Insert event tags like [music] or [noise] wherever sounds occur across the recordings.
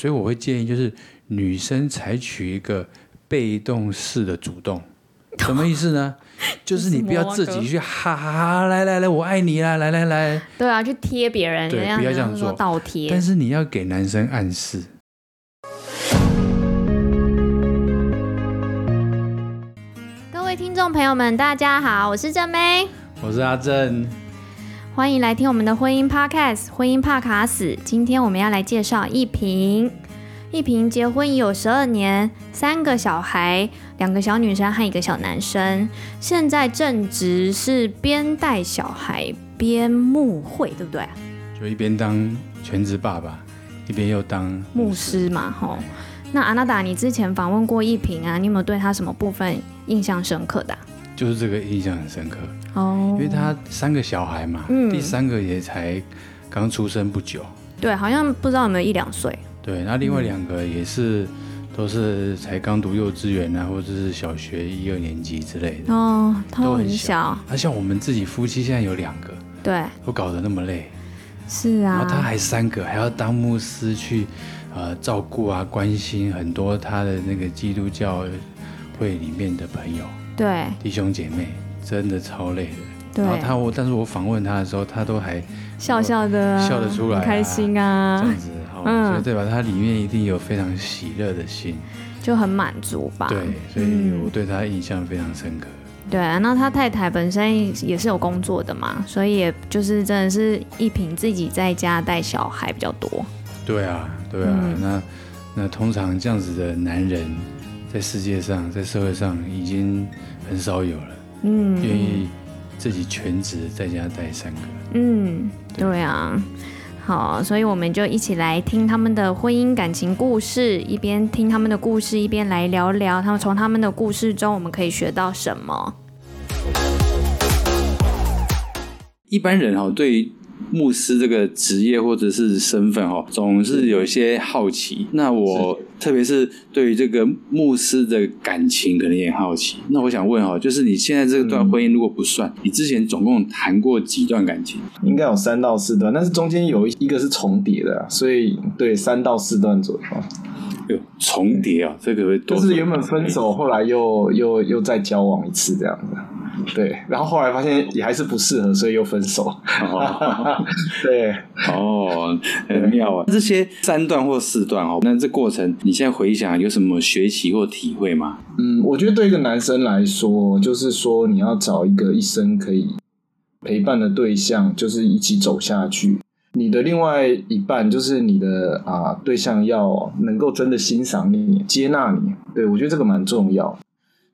所以我會建議，就是女生採取一個被動式的主動，什麼意思呢？就是你不要自己去哈哈哈，來來來，我愛你啊，來來來，對啊，去貼別人對，不要這樣說，倒貼。但是你要給男生暗示。暗示，各位聽眾朋友們，大家好，我是正妹，我是阿正。歡迎來聽我們的婚姻 podcast，婚姻怕卡死。今天我們要來介紹一平，一平結婚已有十二年，三個小孩，兩個小女生和一個小男生，現在正值是邊帶小孩邊牧會，對不對？就一邊當全職爸爸，一邊又當牧師嘛，吼。哎、那阿娜達，你之前訪問過一平啊，你有沒有對他什麼部分印象深刻的？啊？就是這個印象很深刻哦，因為他三個小孩嘛，第三個也才剛出生不久，對，好像不知道有沒有一兩歲。對，那另外兩個也是都是才剛讀幼稚園啊，或者是小學一二年級之類的哦，都很小。那像我們自己夫妻現在有兩個，對，都搞得那麼累，是啊。然後他還三個還要當牧師去照顧啊，關心很多他的那個基督教會裡面的朋友。對，弟兄姐妹真的超累的。對，然後他我，但是我訪問他的時候，他都還都笑笑的、啊，笑得出來、啊，開心啊，這樣子。好，嗯、所以對吧？他裡面一定有非常喜樂的心，就很滿足吧？對，所以我對他印象非常深刻。對、啊，那他太太本身也是有工作的嘛，所以也就是真的是一平自己在家帶小孩比較多。對啊，對啊，那那通常這樣子的男人，在世界上，在社會上已經很少有了，嗯，願意自己全職在家帶三個，嗯，對啊，好，所以我們就一起來聽他們的婚姻感情故事，一邊聽他們的故事，一邊來聊聊他們，從他們的故事中我們可以學到什麼。一般人哈、哦，對牧師這個職業或者是身份哈、哦，總是有一些好奇。是那我。特別是對於這個牧師的感情，可能也好奇。那我想問哈，就是你現在這段婚姻如果不算，嗯、你之前總共談過幾段感情？應該有三到四段，但是中間有一一個是重疊的、啊，所以對，三到四段左右。喲，重疊啊，這個可不可以多算，就是原本分手，後來又又又再交往一次這樣子。對，然後後來發現也還是不適合，所以又分手。哦、 [laughs] 對，哦，很妙啊！這些三段或四段哦，那這過程你現在回想，有什麼學習或體會嗎？嗯，我覺得對一個男生來說，就是說你要找一個一生可以陪伴的對象，就是一起走下去。你的另外一半就是你的啊對象，要能夠真的欣賞你、接納你。對，我覺得這個蠻重要。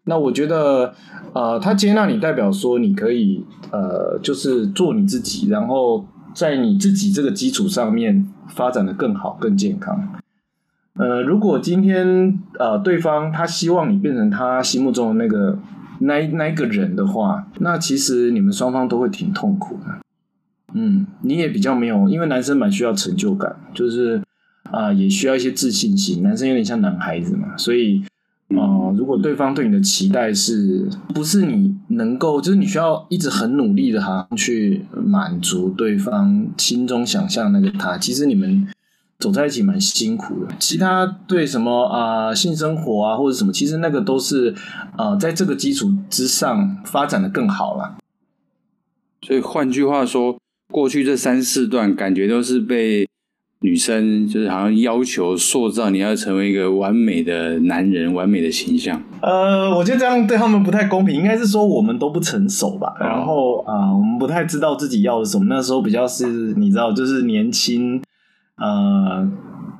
那我覺得，呃，他接納你，代表說你可以，呃，就是做你自己，然後在你自己這個基礎上面發展得更好、更健康。呃，如果今天，呃，對方他希望你變成他心目中的那個那那一個人的話，那其實你們雙方都會挺痛苦的。嗯，你也比較沒有，因為男生蠻需要成就感，就是啊、呃，也需要一些自信心。男生有點像男孩子嘛，所以。啊、呃，如果對方對你的期待是不是你能夠，就是你需要一直很努力的哈去滿足對方心中想象那個他，其實你們走在一起蠻辛苦的。其他對什麼啊、呃，性生活啊或者什麼，其實那個都是啊、呃，在這個基礎之上發展的更好了。所以換句話說，過去這三四段感覺都是被。女生就是好像要求塑造你要成為一個完美的男人，完美的形象。呃，我覺得這樣對他們不太公平。應該是說我們都不成熟吧。然後啊、呃，我們不太知道自己要什麼。那時候比較是，你知道，就是年輕，呃，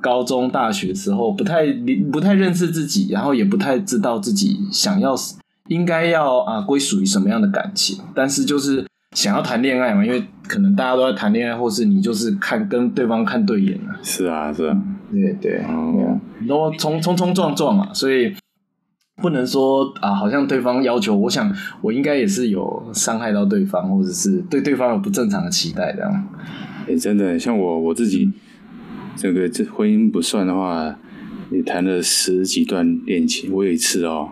高中、大學的時候不太不太認識自己，然後也不太知道自己想要應該要啊歸屬於什麼樣的感情。但是就是想要談戀愛嘛，因為。可能大家都在談戀愛，或是你就是看跟對方看對眼了，啊。是啊，是啊，對、嗯、對，對嗯，都衝，衝衝撞撞嘛，啊，所以不能說啊，好像對方要求，我想我應該也是有傷害到對方，或者是對對方有不正常的期待這樣。欸，真的，像我我自己，嗯、這個這婚姻不算的話，也談了十幾段戀情。我有一次哦，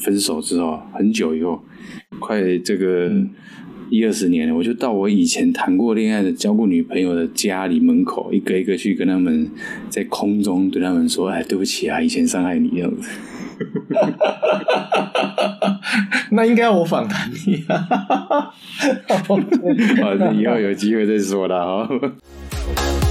分手之後很久以後，快這個。嗯一二十年了，我就到我以前談過戀愛的、交過女朋友的家裡門口，一個一個去跟他們，在空中對他們說：“哎，對不起啊，以前傷害你這樣子。 [laughs] ” [laughs] 那應該要我訪談你啊， [laughs] 好正以後有機會再說了、哦。哈。 [laughs]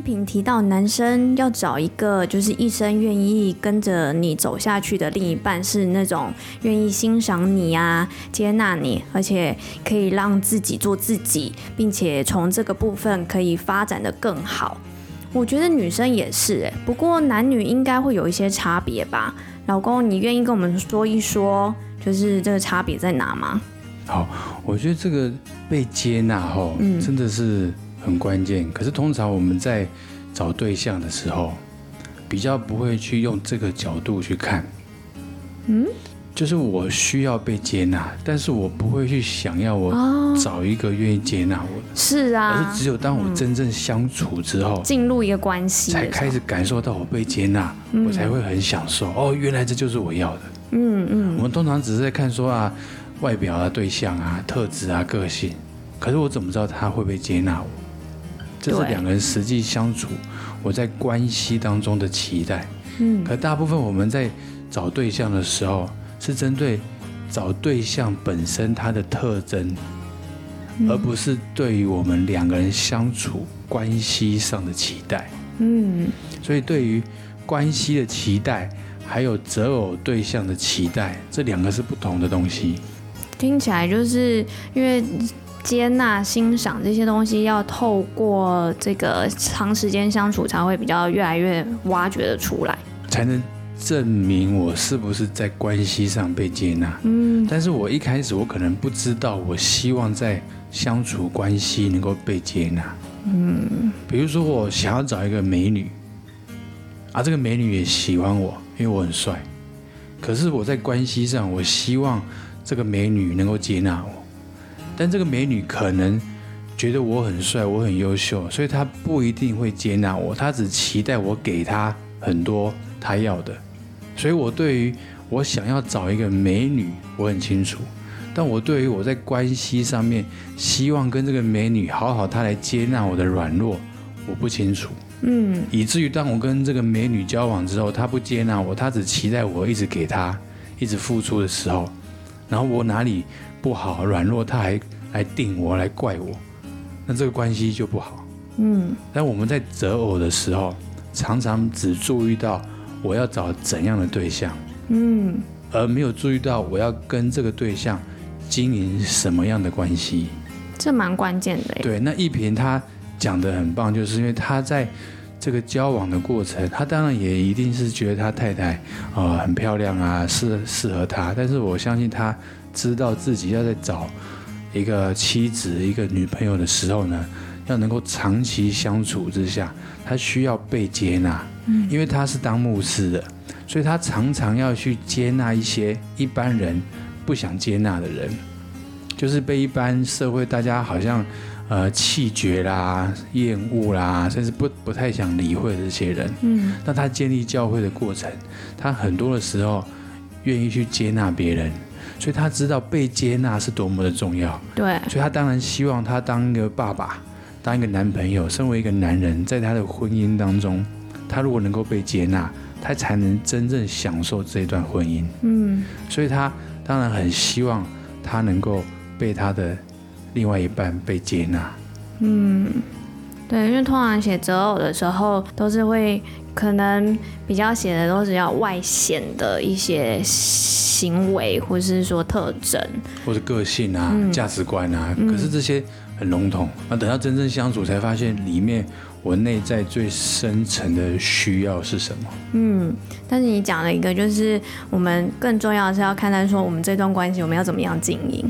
平提到，男生要找一個就是一生願意跟着你走下去的另一半，是那種願意欣賞你啊，接納你，而且可以讓自己做自己，並且從這個部分可以發展得更好。我覺得女生也是，哎，不過男女應該會有一些差別吧？老公，你願意跟我們說一說，就是這個差別在哪嗎？好，我覺得這個被接納，吼，真的是很關鍵，可是通常我們在找對象的時候，比較不會去用這個角度去看。嗯，就是我需要被接納，但是我不會去想要我找一個願意接納我的。是啊，可是只有當我真正相處之後，進入一個關係，才開始感受到我被接納，我才會很享受。哦，原來這就是我要的。嗯嗯，我們通常只是在看說啊，外表啊、對象啊、特質啊、個性，可是我怎麼知道他會不會接納我？這是兩個人實際相處，我在關係當中的期待。嗯，可大部分我們在找對象的時候，是針對找對象本身它的特徵，而不是對於我們兩個人相處關係上的期待。嗯，所以對於關係的期待，還有擇偶對象的期待，這兩個是不同的東西。聽起來就是因為。接納、欣賞這些東西，要透過這個長時間相處，才會比較越來越挖掘得出來，才能證明我是不是在關係上被接納。嗯，但是我一開始我可能不知道，我希望在相處關係能夠被接納。嗯，比如說我想要找一個美女，而這個美女也喜歡我，因為我很帥。可是我在關係上，我希望這個美女能夠接納我。但這個美女可能覺得我很帥，我很優秀，所以她不一定會接納我，她只期待我給她很多她要的。所以我對於我想要找一個美女，我很清楚，但我對於我在關係上面希望跟這個美女好好，她來接納我的軟弱，我不清楚。嗯，以至於當我跟這個美女交往之後，她不接納我，她只期待我一直給她，一直付出的時候，然後我哪裡？不好軟弱，他還來定我來怪我，那這個關係就不好。嗯，但我們在擇偶的時候，常常只注意到我要找怎樣的對象，嗯，而沒有注意到我要跟這個對象經營什麼樣的關係，這蠻關鍵的。對，那一平他講得很棒，就是因為他在這個交往的過程，他當然也一定是覺得他太太啊很漂亮啊，適適合他，但是我相信他。知道自己要在找一個妻子、一個女朋友的時候呢，要能夠長期相處之下，他需要被接納，因為他是當牧師的，所以他常常要去接納一些一般人不想接納的人，就是被一般社會大家好像呃棄絕啦、厭惡啦，甚至不不太想理會的這些人，嗯，那他建立教會的過程，他很多的時候願意去接納別人。所以他知道被接納是多麼的重要，對。所以他當然希望他當一個爸爸，當一個男朋友，身為一個男人，在他的婚姻當中，他如果能夠被接納，他才能真正享受這段婚姻。嗯。所以他當然很希望他能夠被他的另外一半被接納。嗯，對，因為通常寫擇偶的時候都是會。可能比較寫的都是要外顯的一些行為，或是說特徵，或是個性啊、價值觀啊。可是這些很籠統，那等到真正相處才發現，裡面我內在最深層的需要是什麼？嗯，但是你講了一個，就是我們更重要的是要看待說，我們這段關係我們要怎麼樣經營。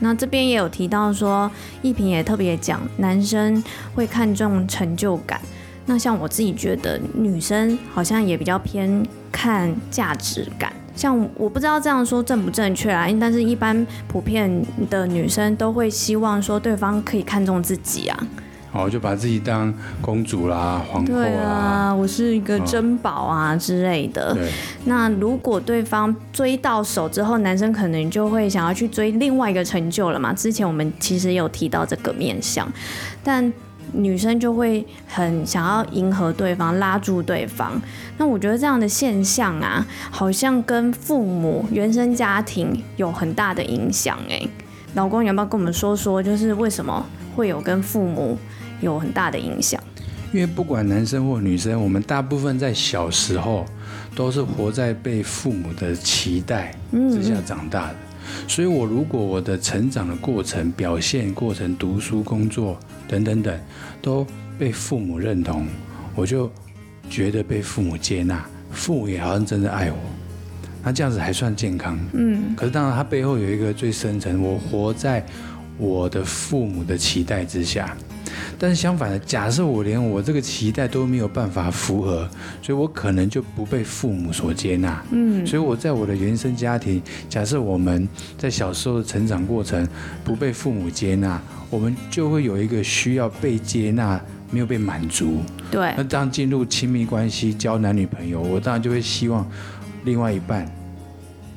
那這邊也有提到說，一平也特別講，男生會看重成就感。那像我自己覺得，女生好像也比較偏看價值感，像我不知道這樣說正不正確啊，但是一般普遍的女生都會希望說對方可以看重自己啊，哦，就把自己當公主啦、皇後啊，我是一個珍寶啊之類的。那如果對方追到手之後，男生可能就會想要去追另外一個成就了嘛？之前我們其實有提到這個面向，但。女生就會很想要迎合對方，拉住對方。那我覺得這樣的現象啊，好像跟父母原生家庭有很大的影響。誒，老公，你要不要跟我們說說，就是為什麼會有跟父母有很大的影響？因為不管男生或女生，我們大部分在小時候都是活在被父母的期待之下長大的。所以我如果我的成長的過程、表現過程、讀書、工作。等等等，都被父母認同，我就覺得被父母接納，父母也好像真的愛我，那這樣子還算健康。嗯，可是當然，他背後有一個最深層，我活在我的父母的期待之下。但是相反的，假設我連我這個期待都沒有辦法符合，所以我可能就不被父母所接納。嗯，所以我在我的原生家庭，假設我們在小時候的成長過程不被父母接納，我們就會有一個需要被接納沒有被滿足。對。那當進入親密關係，交男女朋友，我當然就會希望另外一半，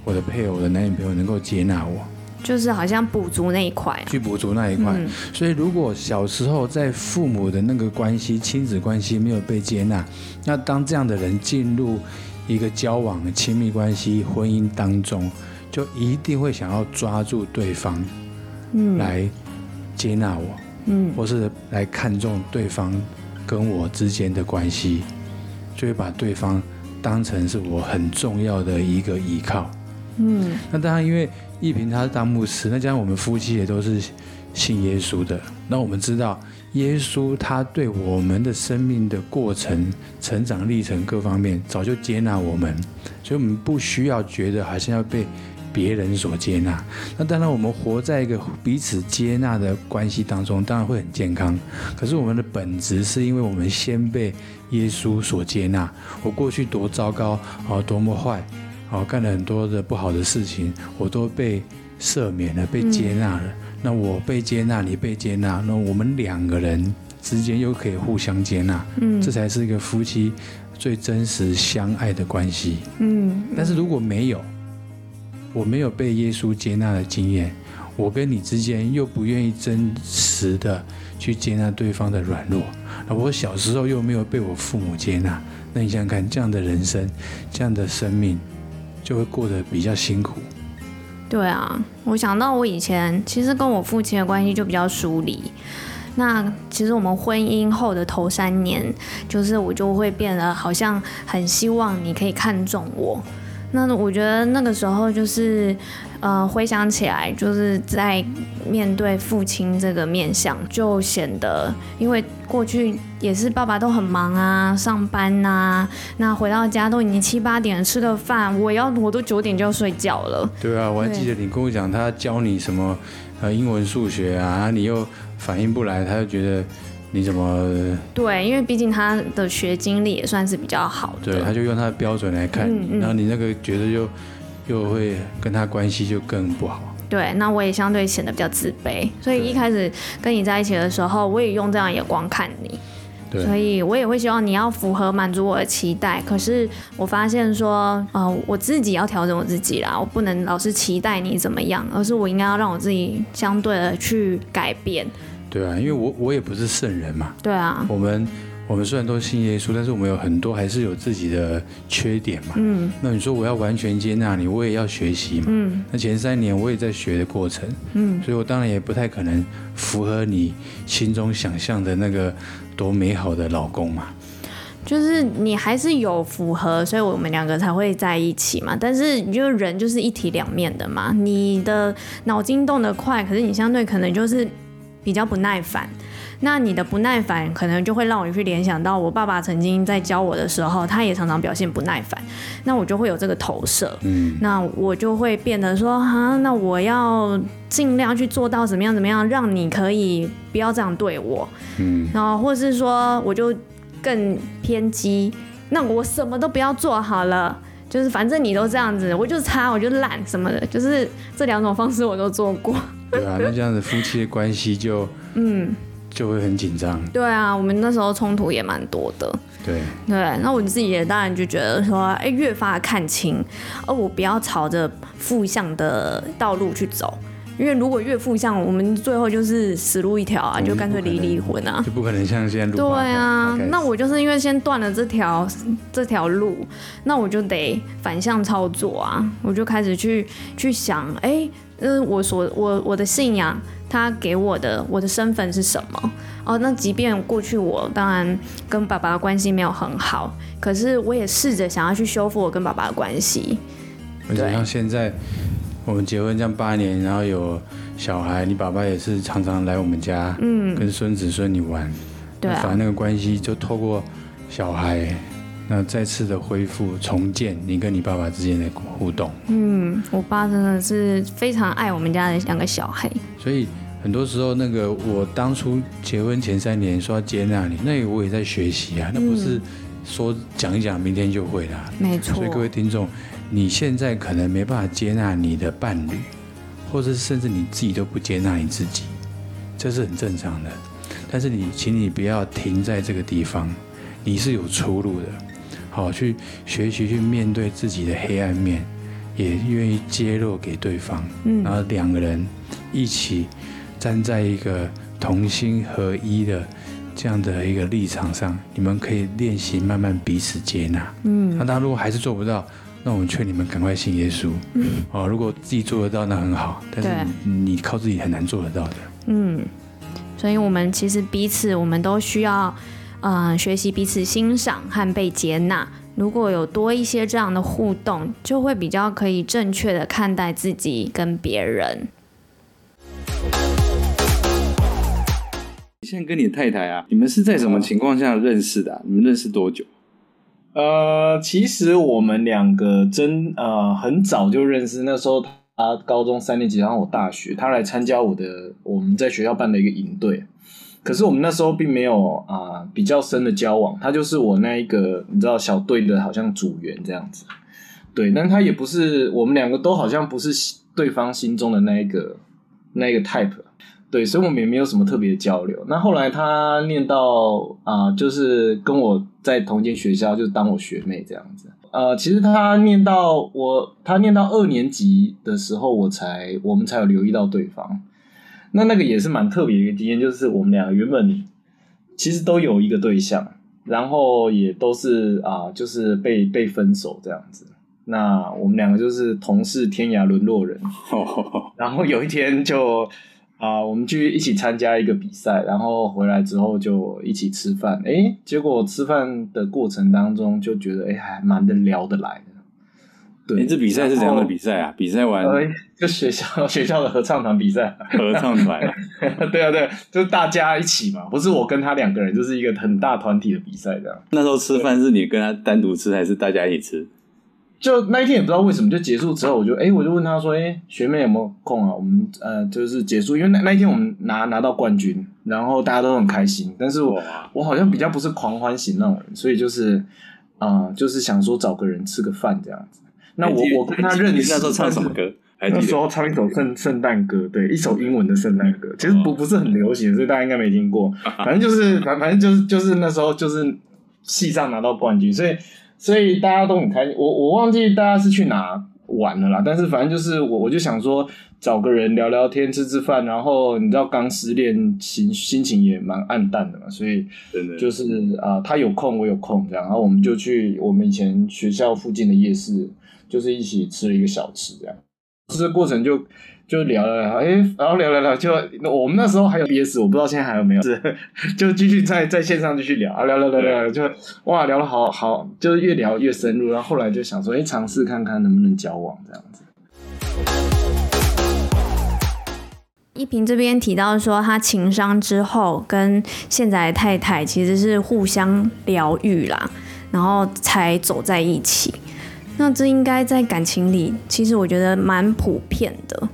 我的配偶、我的男女朋友能夠接納我。就是好像補足那一塊，去補足那一塊。所以，如果小時候在父母的那個關係、親子關係沒有被接納，那當這樣的人進入一個交往、親密關係、婚姻當中，就一定會想要抓住對方，嗯，來接納我，嗯，或是來看重對方跟我之間的關係，就會把對方當成是我很重要的一個依靠，嗯。那當然，因為。一平他是當牧師，那既然我們夫妻也都是信耶穌的，那我們知道耶穌他對我們的生命的過程、成長歷程各方面早就接納我們，所以我們不需要覺得好像要被別人所接納。那當然我們活在一個彼此接納的關係當中，當然會很健康。可是我們的本質是因為我們先被耶穌所接納，我過去多糟糕啊，多麼壞。好，幹了很多的不好的事情，我都被赦免了，被接納了。那我被接納，你被接納，那我們兩個人之間又可以互相接納，嗯，這才是一個夫妻最真實相愛的關係，嗯。但是如果沒有，我沒有被耶穌接納的經驗，我跟你之間又不願意真實的去接納對方的軟弱，那我小時候又沒有被我父母接納，那你想想看，這樣的人生，這樣的生命。就會過得比較辛苦，對啊，我想到我以前其實跟我父親的關係就比較疏離。那其實我們婚姻後的頭三年，就是我就會變得好像很希望你可以看重我。那我覺得那個時候就是。呃，回想起來，就是在面對父親這個面相，就顯得，因為過去也是爸爸都很忙啊，上班啊，那回到家都已經七八點，吃了飯，我要我都九點就要睡覺了。對啊，我還記得你跟我講，對他教你什麼，呃，英文、數學啊，你又反應不來，他就覺得你怎麼？對，因為畢竟他的學經歷也算是比較好的，對，他就用他的標準來看，嗯嗯、然後你那個覺得就。就會跟他關係就更不好。對，那我也相對顯得比較自卑，所以一開始跟你在一起的時候，我也用這樣的眼光看你。對，所以我也會希望你要符合滿足我的期待。可是我發現說，啊、呃，我自己要調整我自己啦，我不能老是期待你怎麼樣，而是我應該要讓我自己相對的去改變。對啊，因為我我也不是聖人嘛。對啊，我們。我們雖然都信耶穌，但是我們有很多還是有自己的缺點嘛。嗯。那你說我要完全接納你，我也要學習嘛。嗯。那前三年我也在學的過程。嗯。所以我當然也不太可能符合你心中想象的那個多美好的老公嘛。就是你還是有符合，所以我們兩個才會在一起嘛。但是你就人就是一體兩面的嘛。你的腦筋動得快，可是你相對可能就是比較不耐煩。那你的不耐煩，可能就會讓我去聯想到我爸爸曾經在教我的時候，他也常常表現不耐煩。那我就會有這個投射，嗯，那我就會變得說啊，那我要盡量去做到怎麼樣怎麼樣，讓你可以不要這樣對我，嗯，然後或是說，我就更偏激，那我什麼都不要做好了，就是反正你都這樣子，我就差，我就懶什麼的，就是這兩種方式我都做過。對啊，那這樣子夫妻的關係就 [laughs] 嗯。就會很緊張。對啊，我們那時候衝突也蠻多的。對對，那我自己也當然就覺得說，哎、欸，越發看清，哦，我不要朝着負向的道路去走，因為如果越負向，我們最後就是死路一條啊，就乾脆離離婚啊、喔喔。就不可能像現在。對啊，路。對啊，那我就是因為先斷了這條這條路，那我就得反向操作啊，我就開始去去想，哎、欸，嗯，我所我我的信仰。他給我的我的身份是什麼？哦，那即便過去我當然跟爸爸的關係沒有很好，可是我也試着想要去修復我跟爸爸的關係。而且像現在我們結婚這樣八年，然後有小孩，你爸爸也是常常來我們家，嗯，跟孫子孫女玩，嗯，對啊，反正那個關係就透過小孩。那再次的恢復重建，你跟你爸爸之間的互動。嗯，我爸真的是非常愛我們家的兩個小孩。所以很多時候，那個我當初結婚前三年說要接納你，那個我也在學習啊，那不是說講一講明天就會了。嗯，沒錯。所以各位聽眾，你現在可能沒辦法接納你的伴侶，或者甚至你自己都不接納你自己，這是很正常的。但是你，請你不要停在這個地方，你是有出路的。好，去學習去面對自己的黑暗面，也願意揭露給對方。嗯，然後兩個人一起站在一個同心合一的這樣的一個立場上，你們可以練習慢慢彼此接納。嗯，那他如果還是做不到，那我們勸你們趕快信耶穌。嗯，哦，如果自己做得到，那很好。但是你靠自己很難做得到的。嗯，所以我們其實彼此，我們都需要。嗯，學習彼此欣賞和被接納。如果有多一些這樣的互動，就會比較可以正確的看待自己跟別人。你現在跟你的太太啊，你們是在什麼情況下認識的啊？你們認識多久？呃，其實我們兩個真呃很早就認識，那時候她高中三年級，然後我大學，她來參加我的，我們在學校辦的一個營隊。可是我們那時候並沒有啊、呃、比較深的交往，他就是我那一個你知道小隊的好像組員這樣子，對，但他也不是我們兩個都好像不是對方心中的那一個那一個 type，對，所以我們也沒有什麼特別的交流。那後來他念到啊、呃，就是跟我在同間學校，就是當我學妹這樣子。呃，其實他念到我，他念到二年級的時候，我才我們才有留意到對方。那那個也是蠻特別的一個經驗，就是我們兩個原本其實都有一個對象，然後也都是啊、呃，就是被被分手這樣子。那我們兩個就是同是天涯淪落人，然後有一天就啊、呃，我們去一起參加一個比賽，然後回來之後就一起吃飯，哎，結果吃飯的過程當中就覺得哎還蠻能聊得來的。你對這比賽是怎樣的比賽啊？後比賽完、呃、就學校學校的合唱團比賽，合唱團、啊， [laughs] 對，啊對啊，對，就是大家一起嘛，不是我跟他兩個人，就是一個很大團體的比賽這樣。那時候吃飯是你跟他單獨吃，對還是大家一起吃？就那一天也不知道為什麼，就結束之後，我就哎，我就問他說：“哎，學妹有沒有空啊？我們呃，就是結束，因為那那一天我們拿拿到冠軍，然後大家都很開心，但是我我好像比較不是狂歡型那種人，所以就是啊、呃，就是想說找個人吃個飯這樣子。”那我極我跟他認識那時候唱什麼歌？極那時候唱一首聖聖誕歌，對，一首英文的聖誕歌。其實不不是很流行，所以大家應該沒聽過。反正就是反反正就是就是那時候就是戲上拿到冠軍，所以所以大家都很開心。我我忘記大家是去哪玩了啦，但是反正就是我我就想說找個人聊聊天，吃吃飯。然後你知道剛失戀，心心情也蠻黯淡的嘛，所以就是啊對、呃，他有空我有空這樣，然後我們就去我們以前學校附近的夜市。就是一起吃了一個小吃，這樣，這個、過程就就聊了聊，哎、欸，然後聊了聊，就我們那時候還有 B S，我不知道現在還有沒有，就繼續在在線上繼續聊啊，聊了聊聊，對就哇，聊了好好，就是越聊越深入，然後後來就想說，哎、欸，嘗試看看能不能交往這樣子。一平這邊提到說，他情傷之後跟現在太太其實是互相療癒啦，然後才走在一起。那這應該在感情裡，其實我覺得蠻普遍的，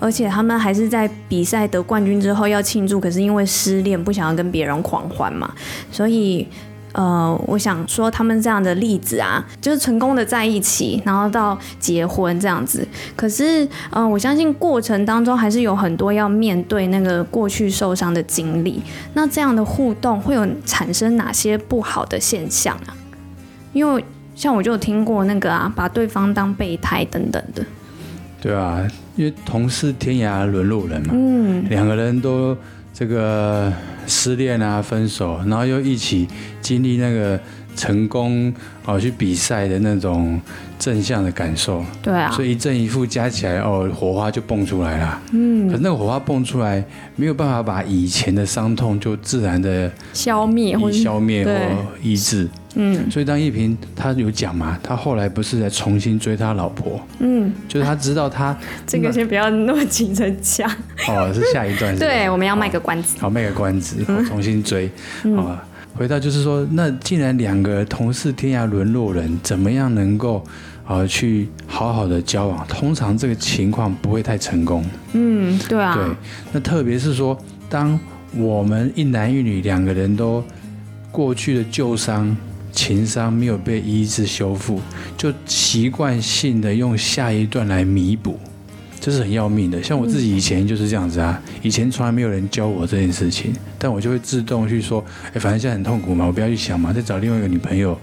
而且他們還是在比賽得冠軍之後要慶祝，可是因為失戀不想要跟別人狂歡嘛，所以，呃，我想說他們這樣的例子啊，就是成功的在一起，然後到結婚這樣子，可是，嗯、呃，我相信過程當中還是有很多要面對那個過去受傷的經歷，那這樣的互動會有產生哪些不好的現象啊？因為。像我就有聽過那個啊，把對方當備胎等等的。對啊，因為同是天涯淪落人嘛，嗯，兩個人都這個失戀啊、分手，然後又一起經歷那個成功哦、去比賽的那種正向的感受。對啊。所以一正一負加起來，哦，火花就蹦出來了。嗯。可是那個火花蹦出來，沒有辦法把以前的傷痛就自然的消滅或消滅或抑制。嗯，所以當一平他有講嘛，他後來不是在重新追他老婆？嗯，就是他知道他這個先不要那麼急着講哦，是下一段對，我們要賣個關子，好賣個關子，重新追，好回到就是說，那既然兩個同是天涯淪落人，怎麼樣能夠啊去好好的交往？通常這個情況不會太成功。嗯，對啊，對，那特別是說，當我們一男一女兩個人都過去的舊傷。情商沒有被醫治修復，就習慣性的用下一段來彌補，這是很要命的。像我自己以前就是這樣子啊，以前從來沒有人教我這件事情，但我就會自動去說，哎，反正現在很痛苦嘛，我不要去想嘛，再找另外一個女朋友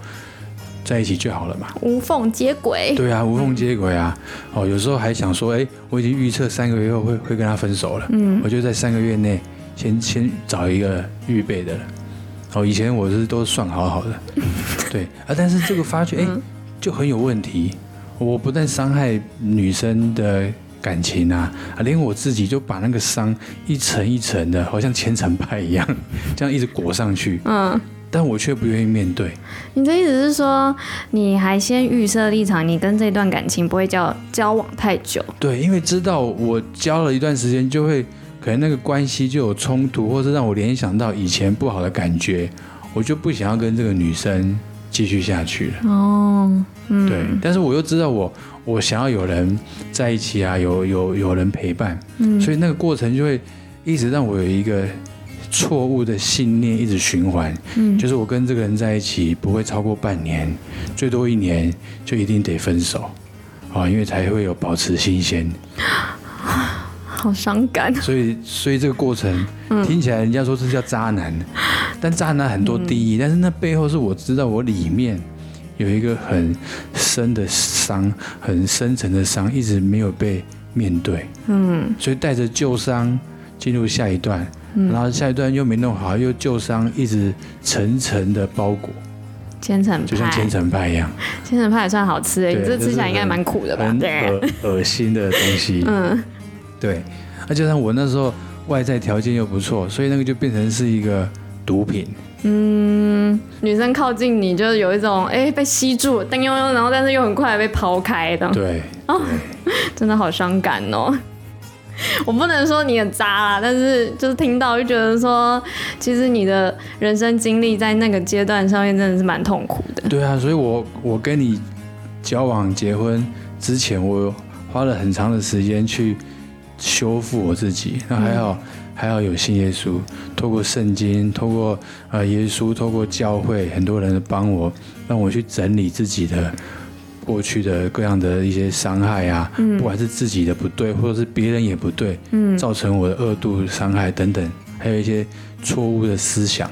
在一起就好了嘛。無縫接軌，對啊，無縫接軌啊。哦，有時候還想說，哎，我已經預測三個月後會會跟他分手了，嗯，我就在三個月內先先找一個預備的。哦，以前我是都算好好的，對啊，但是這個發覺哎，就很有問題。我不但傷害女生的感情啊，連我自己就把那個傷一層一層的，好像千層派一樣，這樣一直裹上去。嗯，但我卻不願意面對。你的意思是說，你還先預設立場，你跟這段感情不會交交往太久？對，因為知道我交了一段時間就會。可能那個關係就有衝突，或是讓我聯想到以前不好的感覺，我就不想要跟這個女生繼續下去了。哦，對，但是我又知道我我想要有人在一起啊，有有有人陪伴，嗯，所以那個過程就會一直讓我有一個錯誤的信念一直循環，嗯，就是我跟這個人在一起不會超過半年，最多一年就一定得分手，啊，因為才會有保持新鮮。好傷感，所以所以這個過程聽起來，人家說這叫渣男，但渣男很多定義，但是那背後是我知道我裡面有一個很深的傷，很深層的傷，一直沒有被面對。嗯，所以帶着舊傷進入下一段，然後下一段又沒弄好，又舊傷一直層層的包裹，千層就像千層派一樣。千層派也算好吃，哎你這吃起來應該蠻苦的吧？對，很惡心的東西。嗯。對，那就像我那時候外在條件又不錯，所以那個就變成是一個毒品。嗯，女生靠近你就是有一種哎，被吸住，叮悠悠，然後但是又很快被拋開的。對，哦，真的好傷感哦、喔。我不能說你很渣啦，但是就是聽到就覺得說，其實你的人生經歷在那個階段上面真的是蠻痛苦的。對啊，所以我我跟你交往、結婚之前，我花了很長的時間去。修復我自己，那還要還要有信耶穌，透過聖經，透過呃耶穌，透過教會，很多人幫我，讓我去整理自己的過去的各樣的一些傷害啊，不管是自己的不對，或者是別人也不對，嗯，造成我的二度傷害等等，還有一些錯誤的思想，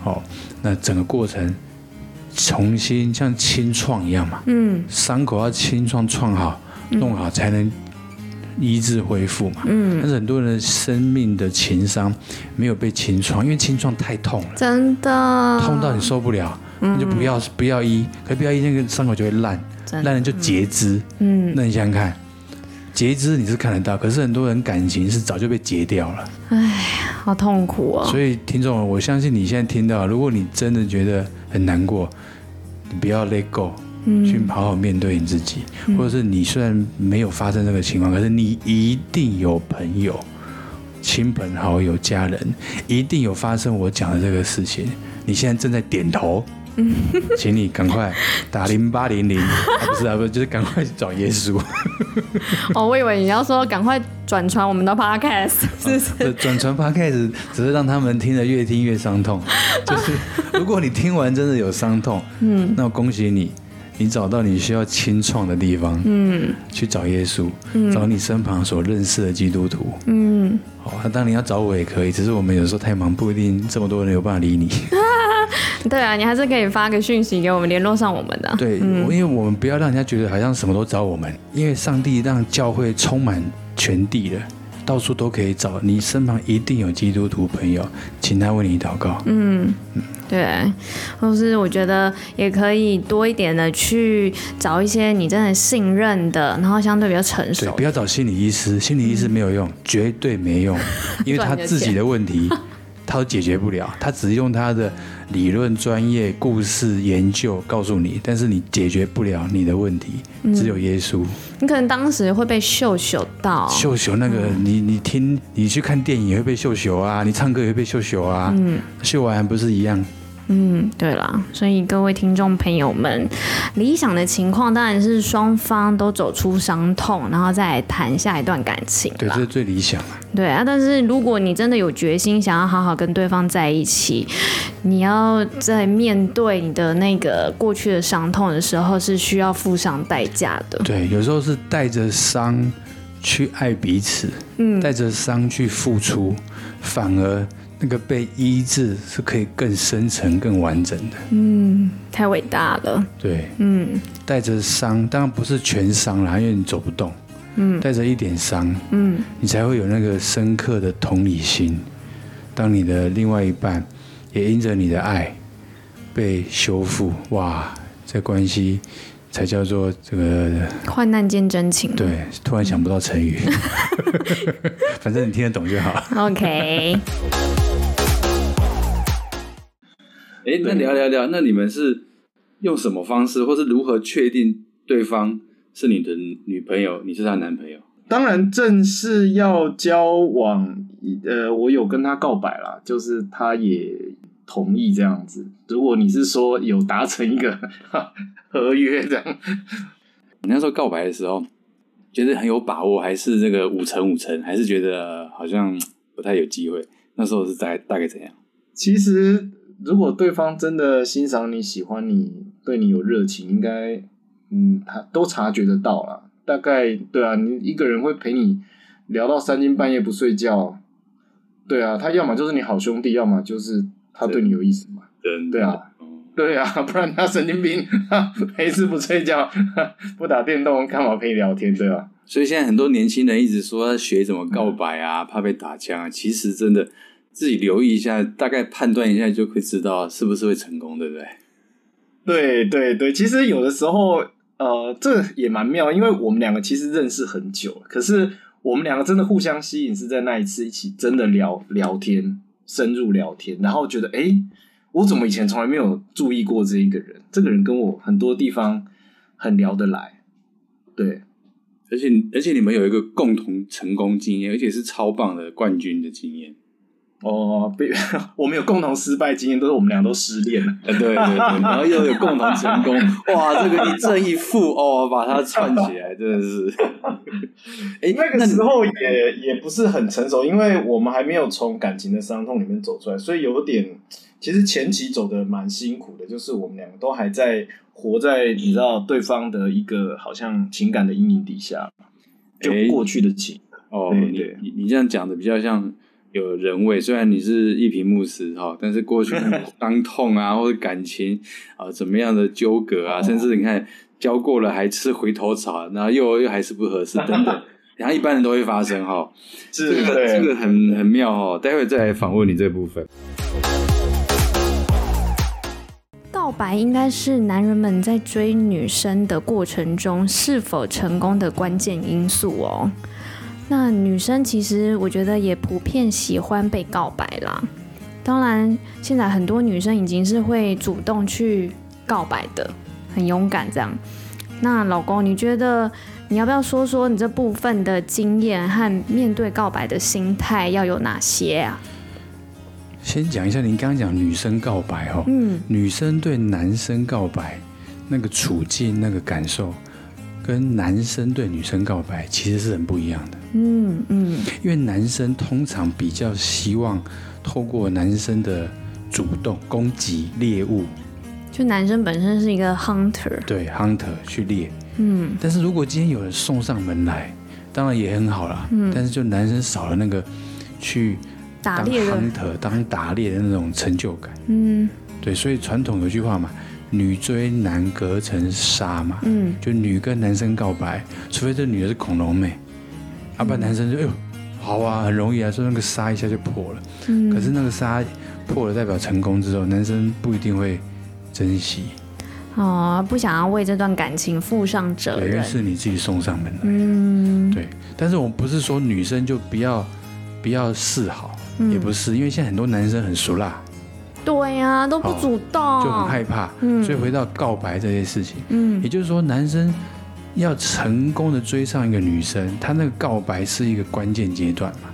好，那整個過程重新像清創一樣嘛，嗯，傷口要清創，創好，弄好才能醫治恢復嘛，但是很多人生命的情傷沒有被清創，因為清創太痛了，真的痛到你受不了，那就不要不要醫，可是不要醫，那個傷口就會爛，爛了就截肢。嗯，那你想想看，截肢你是看得到，可是很多人感情是早就被截掉了。哎，好痛苦哦。所以聽眾，我相信你現在聽到，如果你真的覺得很難過，你不要 Let Go。去好好面對你自己，或者是你雖然沒有發生這個情況，可是你一定有朋友、親朋好友、家人一定有發生我講的這個事情。你現在正在點頭，請你趕快打零八零零，不是啊不，就是趕快找耶穌。我我以為你要說趕快轉傳我們的 Podcast，是不是轉傳 Podcast 只是讓他們聽得越聽越傷痛，就是如果你聽完真的有傷痛，嗯，那我恭喜你。你找到你需要清創的地方，嗯，去找耶穌，嗯，找你身旁所認識的基督徒，嗯，好。那當然你要找我也可以，只是我們有時候太忙，不一定這麼多人有辦法理你。對啊，你還是可以發個訊息給我們，聯絡上我們的。對，因為我們不要讓人家覺得好像什麼都找我們，因為上帝讓教會充滿全地了。到處都可以找，你身旁一定有基督徒朋友，請他為你禱告。嗯對，或是我覺得也可以多一點的去找一些你真的信任的，然後相對比較成熟。對，不要找心理醫師，心理醫師沒有用，絕對沒用，因為他自己的問題他都解決不了，他只是用他的。理論、專業、故事、研究，告訴你，但是你解決不了你的問題，只有耶穌。你可能當時會被秀秀到，秀秀那個，你你聽，你去看電影會被秀秀啊，你唱歌也會被秀秀啊，秀完不是一樣。嗯，對啦。所以各位聽眾朋友們，理想的情況當然是雙方都走出傷痛，然後再談下一段感情。對，這是最理想的。對啊，但是如果你真的有決心想要好好跟對方在一起，你要在面對你的那個過去的傷痛的時候，是需要付上代價的。對，有時候是帶着傷去愛彼此，嗯，帶着傷去付出，反而。那個被醫治是可以更深層更完整的。嗯，太偉大了。對，嗯，帶着傷當然不是全傷啦，因為你走不動。嗯，帶着一點傷，嗯，你才會有那個深刻的同理心。當你的另外一半也因着你的愛被修復，哇，這關係才叫做這個患難見真情。對，突然想不到成語，反正你聽得懂就好。OK。哎，那聊聊聊，那你們是用什麼方式，或是如何確定對方是你的女朋友，你是她男朋友？當然，正式要交往，呃，我有跟她告白啦，就是她也同意這樣子。如果你是說有達成一個、嗯、 [laughs] 合約這樣，你那時候告白的時候，覺得很有把握，還是這個五成五成，還是覺得好像不太有機會？那時候是在大概怎樣？其實。如果對方真的欣賞你喜歡你，對你有熱情，應該，嗯，他都察覺得到了。大概對啊，你一個人會陪你聊到三更半夜不睡覺，對啊，他要麼就是你好兄弟，要麼就是他對你有意思嘛。真的。對啊，嗯、對啊，不然他神經病，沒事不睡覺，不打電動，幹嘛陪你聊天？對吧、啊？所以現在很多年輕人一直說他學怎麼告白啊，嗯、怕被打槍、啊，其實真的。自己留意一下，大概判斷一下，就會知道是不是會成功，對不對？對對對，其實有的時候，呃，這也蠻妙，因為我們兩個其實認識很久，可是我們兩個真的互相吸引，是在那一次一起真的聊聊天，深入聊天，然後覺得，誒，我怎麼以前從來沒有注意過這一個人？這個人跟我很多地方很聊得來，對，而且而且你們有一個共同成功經驗，而且是超棒的冠軍的經驗。哦，被、oh, [laughs] 我們有共同失敗經驗，都是我們倆都失戀了， [laughs] 對對對，然後又有共同成功， [laughs] 哇，這個一正一負，哦、oh，把它串起來，真的是。 [laughs] 那個時候也 [laughs] 也不是很成熟，因為我們還沒有從感情的傷痛裡面走出來，所以有點，其實前期走的蠻辛苦的，就是我們兩個都還在活在你知道對方的一個好像情感的陰影底下，就過去的情。哦、欸，oh, 你對。你你這樣講的比較像。有人味，雖然你是一平牧師哈，但是過去很傷痛啊，或者感情啊，怎麼樣的糾葛啊，哦、甚至你看交過了還吃回頭草，然後又又還是不合適，等等，然後一,一般人都會發生哈 [laughs] 是對。這個這個很很妙哦。待會再訪問你這部分。告白應該是男人們在追女生的過程中是否成功的關鍵因素哦。那女生其實我覺得也普遍喜歡被告白啦，當然現在很多女生已經是會主動去告白的，很勇敢這樣。那老公，你覺得你要不要說說你這部分的經驗和面對告白的心態要有哪些啊？先講一下，你剛剛講女生告白哦，嗯，女生對男生告白那個處境那個感受，跟男生對女生告白其實是很不一樣的，嗯嗯，因為男生通常比較希望透過男生的主動攻擊獵物，就男生本身是一個 hunter，對 hunter 去獵，嗯，但是如果今天有人送上門來，當然也很好啦，但是就男生少了那個去打獵 hunter 當打獵的那種成就感，嗯，對，所以傳統有句話嘛。女追男隔層紗嘛，嗯，就女跟男生告白，除非這女的是恐龍妹，啊不然男生就哎呦，好啊，很容易啊，說那個紗一下就破了，嗯，可是那個紗破了代表成功之後，男生不一定會珍惜，哦，不想要為這段感情負上責任，等於是你自己送上門來，嗯，對，但是我們不是說女生就不要不要示好，也不是，因為現在很多男生很熟啦。對呀、啊，都不主動，就很害怕。嗯，所以回到告白這些事情，嗯，也就是說，男生要成功的追上一個女生，他那個告白是一個關鍵階段嘛。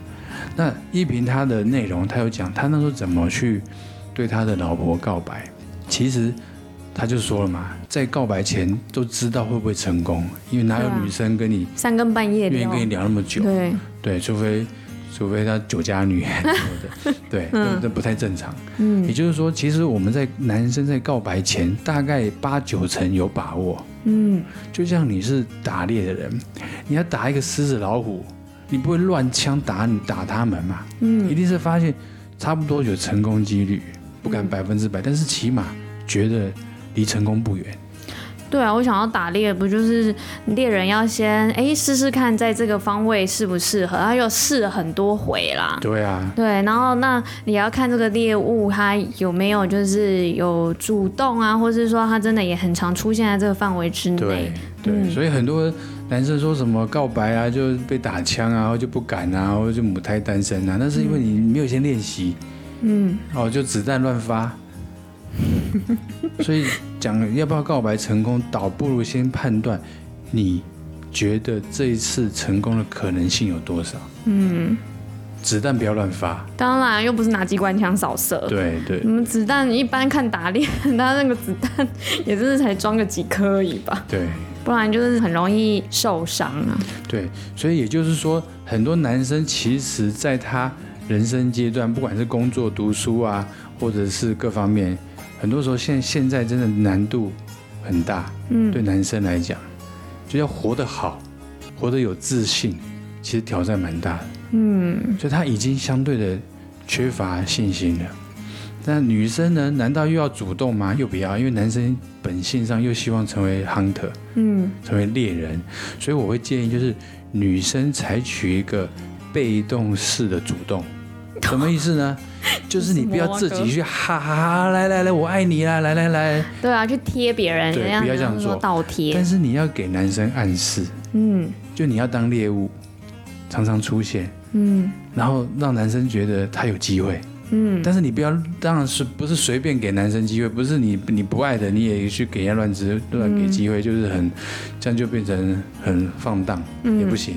那一平他的內容，他有講他那時候怎麼去對他的老婆告白。其實他就說了嘛，在告白前都知道會不會成功，因為哪有女生跟你三更半夜的願意跟你聊那麼久？對對，除非。除非他酒家女很多的，對，這、 [laughs] 嗯、不太正常。也就是說，其實我們在男生在告白前，大概八九成有把握。嗯，就像你是打獵的人，你要打一個獅子、老虎，你不會亂槍打你打他們嘛？嗯，一定是發現差不多有成功幾率，不敢百分之百，但是起碼覺得離成功不遠。對啊，我想要打獵，不就是獵人要先哎試試看，在這個方位適不適合？他又試了很多回啦。對啊，對，然後那你要看這個獵物，他有沒有就是有主動啊，或是說他真的也很常出現在這個範圍之內。對，對，嗯，所以很多男生說什麼告白啊就被打槍啊，或就不敢啊，或者就母胎單身啊，那是因為你沒有先練習，嗯，哦就子彈亂發。 [laughs] 所以講要不要告白成功，倒不如先判斷，你覺得這一次成功的可能性有多少？嗯，子彈不要亂發，嗯，當然又不是拿機關槍掃射。對對，我們子彈一般看打臉，他那個子彈也就是才裝個幾顆而已吧？對，不然就是很容易受傷啊。對，所以也就是說，很多男生其實在他人生階段，不管是工作、讀書啊，或者是各方面。很多時候，現現在真的難度很大。嗯，對男生來講，就要活得好，活得有自信，其實挑戰蠻大的。嗯，就他已經相對的缺乏信心了。但女生呢？難道又要主動嗎？又不要，因為男生本性上又希望成為 hunter，嗯，成為獵人。所以我會建議，就是女生採取一個被動式的主動，什麼意思呢？就是你不要自己去哈哈哈來來來，我愛你啦，來來來，對啊，去貼別人，對，不要這樣做倒貼，但是你要給男生暗示，嗯，就你要當獵物，常常出現，嗯，然後讓男生覺得他有機會，嗯，但是你不要，當然是不是隨便給男生機會，不是你你不愛的你也去給人亂指亂給機會，就是很這樣就變成很放蕩也不行，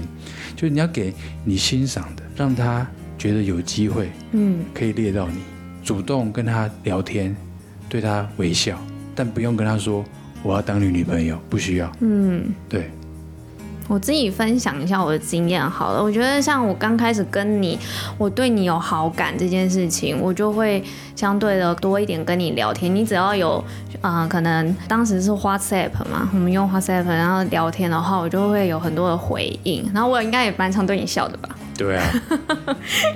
就是你要給你欣賞的，讓他。覺得有機會，嗯，可以獵到你，主動跟他聊天，對他微笑，但不用跟他說，我要當你女朋友，不需要。嗯，對，我自己分享一下我的經驗好了。我覺得像我剛開始跟你，我對你有好感這件事情，我就會相對的多一點跟你聊天。你只要有，啊，可能當時是 WhatsApp 嘛，我們用 WhatsApp 然後聊天的話，我就會有很多的回應，然後我應該也蠻常對你笑的吧。對啊，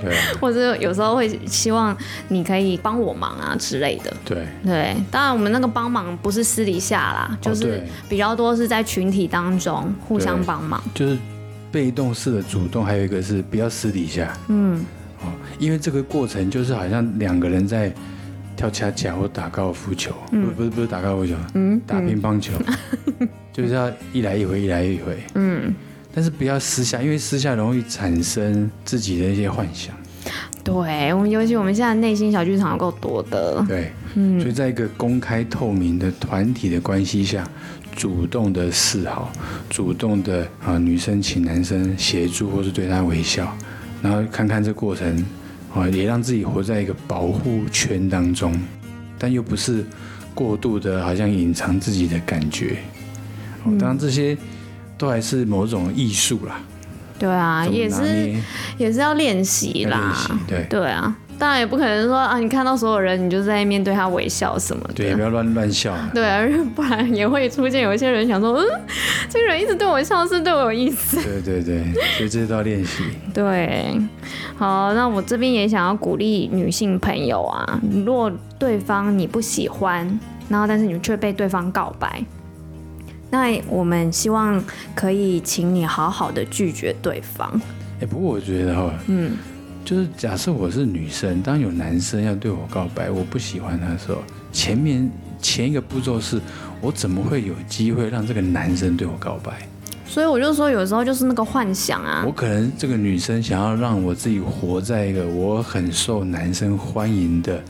對啊， [laughs] 或者有時候會希望你可以幫我忙啊之類的。對，對，當然我們那個幫忙不是私底下啦，哦、就是比較多是在群體當中互相幫忙。就是被動式的主動，還有一個是比較私底下。嗯，因為這個過程就是好像兩個人在跳恰恰或打高爾夫球，嗯、不是，不是打高爾夫球，嗯、打乒乓球，嗯、就是要一來一回，一來一回。嗯。但是不要私下，因為私下容易產生自己的一些幻想。對我們，尤其我們現在內心小劇場夠多的。對，嗯，所以在一個公開透明的團體的關係下，主動的示好，主動的啊，女生請男生協助，或是對他微笑，然後看看這過程，啊，也讓自己活在一個保護圈當中，但又不是過度的，好像隱藏自己的感覺。哦，當這些。都還是某種藝術啦，對啊，也是也是要練習啦，對對啊，當然也不可能說啊，你看到所有人，你就在面對他微笑什麼的，對啊，不要亂亂笑，對啊，不然也會出現有一些人想說，嗯，這個人一直對我笑，是對我有意思，對對對，所以這都要練習， [laughs] 對，好，那我這邊也想要鼓勵女性朋友啊，如果對方你不喜歡，然後但是你卻被對方告白。那我們希望可以請你好好的拒絕對方。哎，不過我覺得哈，嗯，就是假設我是女生，當有男生要對我告白，我不喜歡他的時候，前面前一個步驟是，我怎麼會有機會讓這個男生對我告白？所以我就說，有時候就是那個幻想啊，我可能這個女生想要讓我自己活在一個我很受男生歡迎的。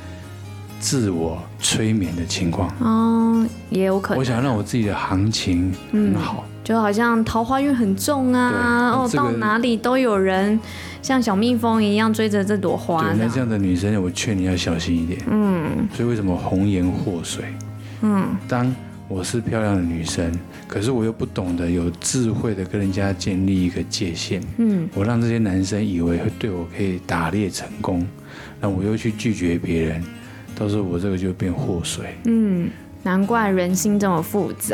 自我催眠的情況哦，也有可能啊。我想讓我自己的行情很好，就好像桃花運很重啊，哦，到哪裡都有人，像小蜜蜂一樣追着這朵花。對，那這樣的女生，我勸你要小心一點。嗯，所以為什麼紅顏禍水？嗯，當我是漂亮的女生，可是我又不懂得有智慧的跟人家建立一個界限。嗯，我讓這些男生以為會對我可以打獵成功，那我又去拒絕別人。到時候我這個就變禍水。嗯，難怪人心這麼複雜，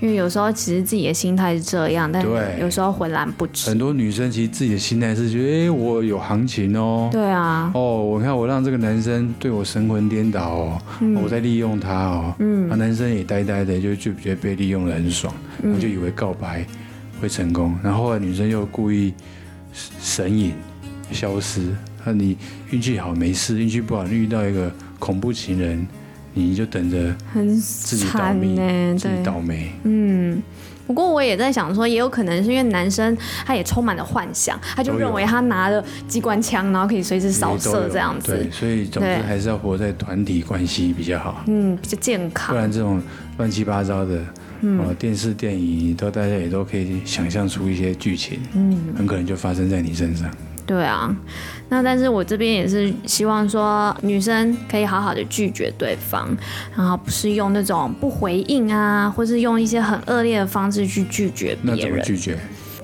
因為有時候其實自己的心態是這樣，但有時候渾然不知。很多女生其實自己的心態是覺得，哎，我有行情哦。對啊。哦，我看我讓這個男生對我神魂顛倒哦，我在利用他哦。嗯。那男生也呆呆的，就就覺得被利用得很爽，我就以為告白會成功。然後後來女生又故意神隱消失，那你運氣好沒事，運氣不好你遇到一個。恐怖情人，你就等着自己倒霉，慘自己倒霉。對嗯，不過我也在想說，也有可能是因為男生他也充滿了幻想，他就認為他拿着機關槍，然後可以隨時掃射這樣子。對，所以總之還是要活在團體關係比較好。嗯，比較健康。不然這種亂七八糟的，呃，電視電影都大家也都可以想象出一些劇情。嗯，很可能就發生在你身上。對啊，那但是我這邊也是希望說，女生可以好好的拒絕對方，然後不是用那種不回應啊，或是用一些很惡劣的方式去拒絕別人。那怎麼拒絕？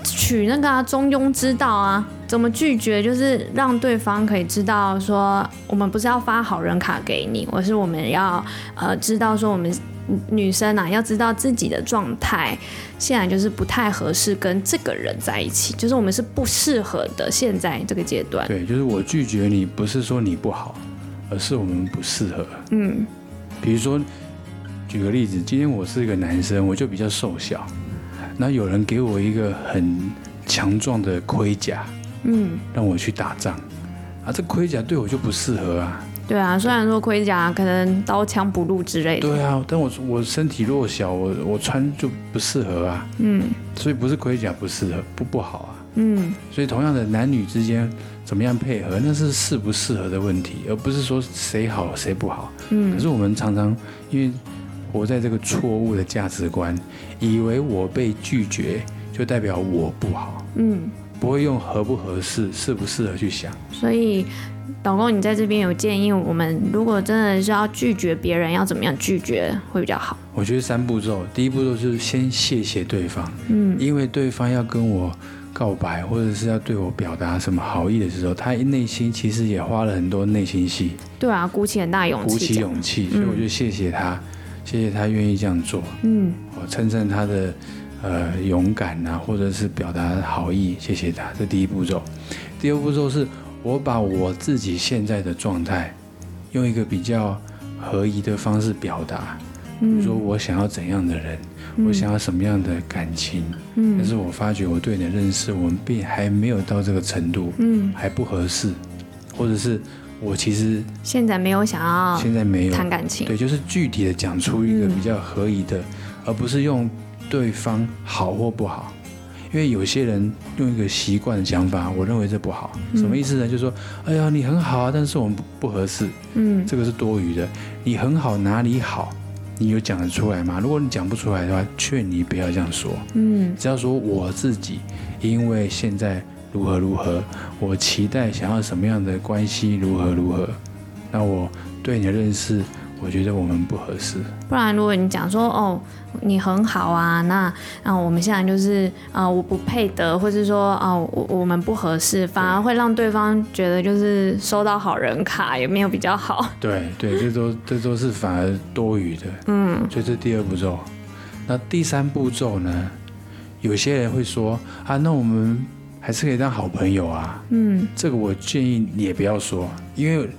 取那個啊，中庸之道啊，怎麼拒絕？就是讓對方可以知道說，我們不是要發好人卡給你，而是我們要呃知道說我們。女生啊，要知道自己的狀態，現在就是不太合適跟這個人在一起，就是我們是不適合的。現在這個階段，對，就是我拒絕你，不是說你不好，而是我們不適合。嗯，比如說，舉個例子，今天我是一個男生，我就比較瘦小，那有人給我一個很強壯的盔甲，嗯，讓我去打仗，啊，這盔甲對我就不適合啊。對啊，雖然說盔甲可能刀槍不入之類的。對啊，但我我身體弱小，我我穿就不適合啊。嗯。所以不是盔甲不適合，不不好啊。嗯。所以同樣的，男女之間怎麼樣配合，那是適不適合的問題，而不是說誰好誰不好。嗯。可是我們常常因為活在這個錯誤的價值觀，以為我被拒絕就代表我不好。嗯。不會用合不合適、適不適合去想。所以。老公，你在這邊有建議，我們如果真的是要拒絕別人，要怎麼樣拒絕會比較好？我覺得三步驟，第一步驟就是先謝謝對方，嗯，因為對方要跟我告白或者是要對我表達什麼好意的時候，他內心其實也花了很多內心戲。對啊，鼓起很大勇氣，鼓起勇氣，嗯、所以我就謝謝他，謝謝他願意這樣做，嗯，我稱讚他的呃勇敢吶、啊，或者是表達好意，謝謝他，這第一步驟。第二步驟是。我把我自己現在的狀態，用一個比較合宜的方式表達，比如說我想要怎樣的人，我想要什麼樣的感情，嗯，但是我發覺我對你的認識，我們並還沒有到這個程度，嗯，還不合適，或者是我其實現在沒有想要，現在沒有談感情，對，就是具體的講出一個比較合宜的，而不是用對方好或不好。因為有些人用一個習慣的想法，我認為這不好。什麼意思呢？就是說，哎呀，你很好啊，但是我們不不合適。嗯，這個是多餘的。你很好，哪裡好？你有講得出來嗎？如果你講不出來的話，勸你不要這樣說。嗯，只要說我自己，因為現在如何如何，我期待想要什麼樣的關係，如何如何。那我對你的認識。我覺得我們不合適。不然，如果你講說哦，你很好啊，那那我們現在就是啊、呃，我不配得，或是說啊、呃，我我們不合適，反而會讓對方覺得就是收到好人卡也沒有比較好對。對對，這都這都是反而多餘的。嗯。所以這第二步驟，那第三步驟呢？有些人會說啊，那我們還是可以當好朋友啊。嗯。這個我建議你也不要說，因為。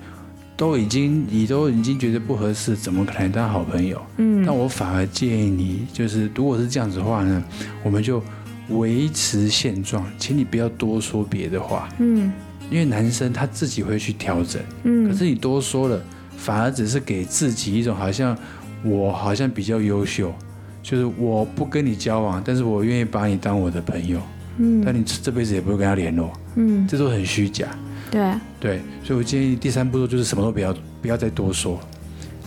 都已經，你都已經覺得不合適，怎麼可能當好朋友？嗯，那我反而建議你，就是如果是這樣子的話呢，我們就維持現狀，請你不要多說別的話，嗯，因為男生他自己會去調整，嗯，可是你多說了，反而只是給自己一種好像我好像比較優秀，就是我不跟你交往，但是我願意把你當我的朋友，嗯，但你這輩子也不會跟他聯絡，嗯，這都很虛假。對對，所以我建議第三步驟就是什麼都不要，不要再多說，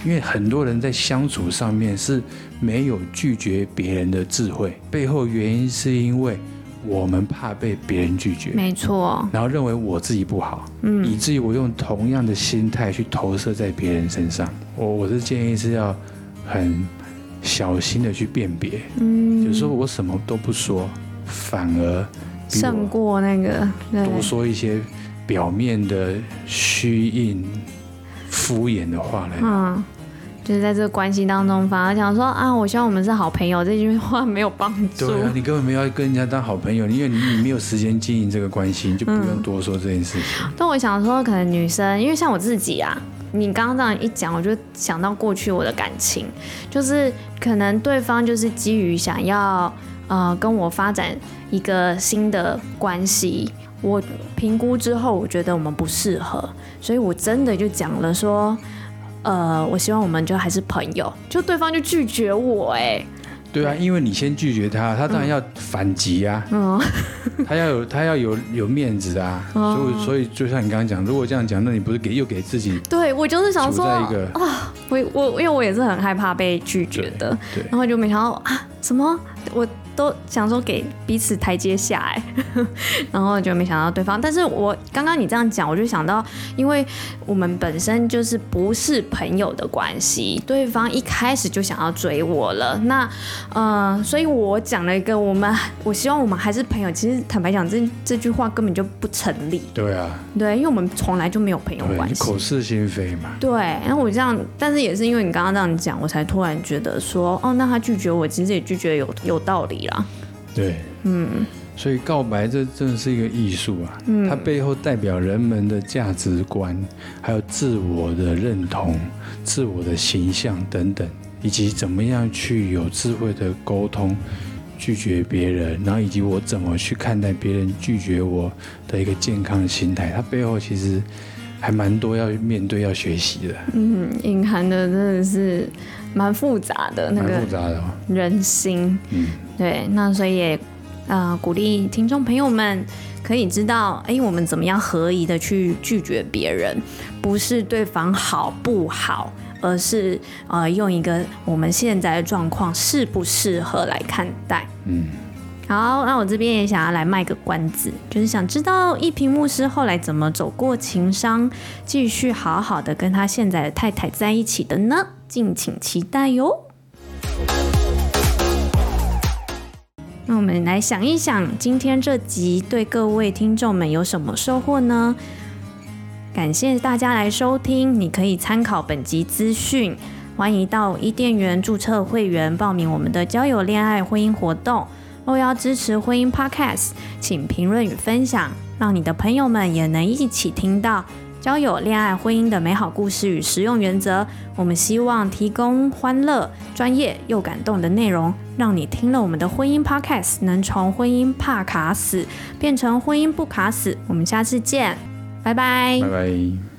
因為很多人在相處上面是沒有拒絕別人的智慧，背後原因是因為我們怕被別人拒絕，沒錯，然後認為我自己不好，嗯，以至於我用同樣的心態去投射在別人身上。我我是建議是要很小心的去辨別，嗯，有時候我什麼都不說，反而勝過那個多說一些。表面的虛應敷衍的話來，嗯，就是在這個關係當中發，反而想說啊，我希望我們是好朋友，這句話沒有幫助。對啊，你根本沒有要跟人家當好朋友，因為你你沒有時間經營這個關係，你就不用多說這件事情，嗯。但我想說，可能女生，因為像我自己啊，你剛剛這樣一講，我就想到過去我的感情，就是可能對方就是基於想要呃跟我發展一個新的關係。我評估之後，我覺得我們不適合，所以我真的就講了說，呃，我希望我們就還是朋友，就對方就拒絕我哎。對啊，因為你先拒絕他，他當然要反擊啊。嗯，他要有他要有有面子啊。所以所以就像你剛剛講，如果這樣講，那你不是給又給自己？對，我就是想說一個啊，我我因為我也是很害怕被拒絕的，對。然後就沒想到啊，什麼我？都想說給彼此台階下哎，然後就沒想到對方。但是我剛剛你這樣講，我就想到，因為我們本身就是不是朋友的關係，對方一開始就想要追我了。那呃，所以我講了一個我們，我希望我們還是朋友。其實坦白講，這這句話根本就不成立。對啊，對，因為我們從來就沒有朋友關係。你口是心非嘛。對，然後我這樣，但是也是因為你剛剛這樣講，我才突然覺得說，哦，那他拒絕我，其實也拒絕有有道理。對，嗯，所以告白這真的是一個藝術啊，它背後代表人們的價值觀，還有自我的認同、自我的形象等等，以及怎麼樣去有智慧的溝通拒絕別人，然後以及我怎麼去看待別人拒絕我的一個健康心態，它背後其實還蠻多要面對、要學習的。嗯，隱含的真的是，蠻複雜的那個人心，哦、嗯，對，那所以，呃，鼓勵聽眾朋友們可以知道，哎，我們怎麼樣合宜的去拒絕別人，不是對方好不好，而是呃，用一個我們現在的狀況適不適合來看待，嗯。好，那我這邊也想要來賣個關子，就是想知道一平牧師後來怎麼走過情傷，繼續好好的跟他現在的太太在一起的呢？敬請期待喲。那我們來想一想，今天這集對各位聽眾們有什麼收穫呢？感謝大家來收聽，你可以參考本集資訊，歡迎到伊甸緣註冊會員，報名我們的交友、戀愛、婚姻活動。若要支持婚姻 Pacast，請評論與分享，讓你的朋友們也能一起聽到。交友、戀愛、婚姻的美好故事與實用原則，我們希望提供歡樂、專業又感動的內容，讓你聽了我們的婚姻 Pacast 能從婚姻怕卡死變成婚姻不卡死。我們下次見，拜拜，拜拜。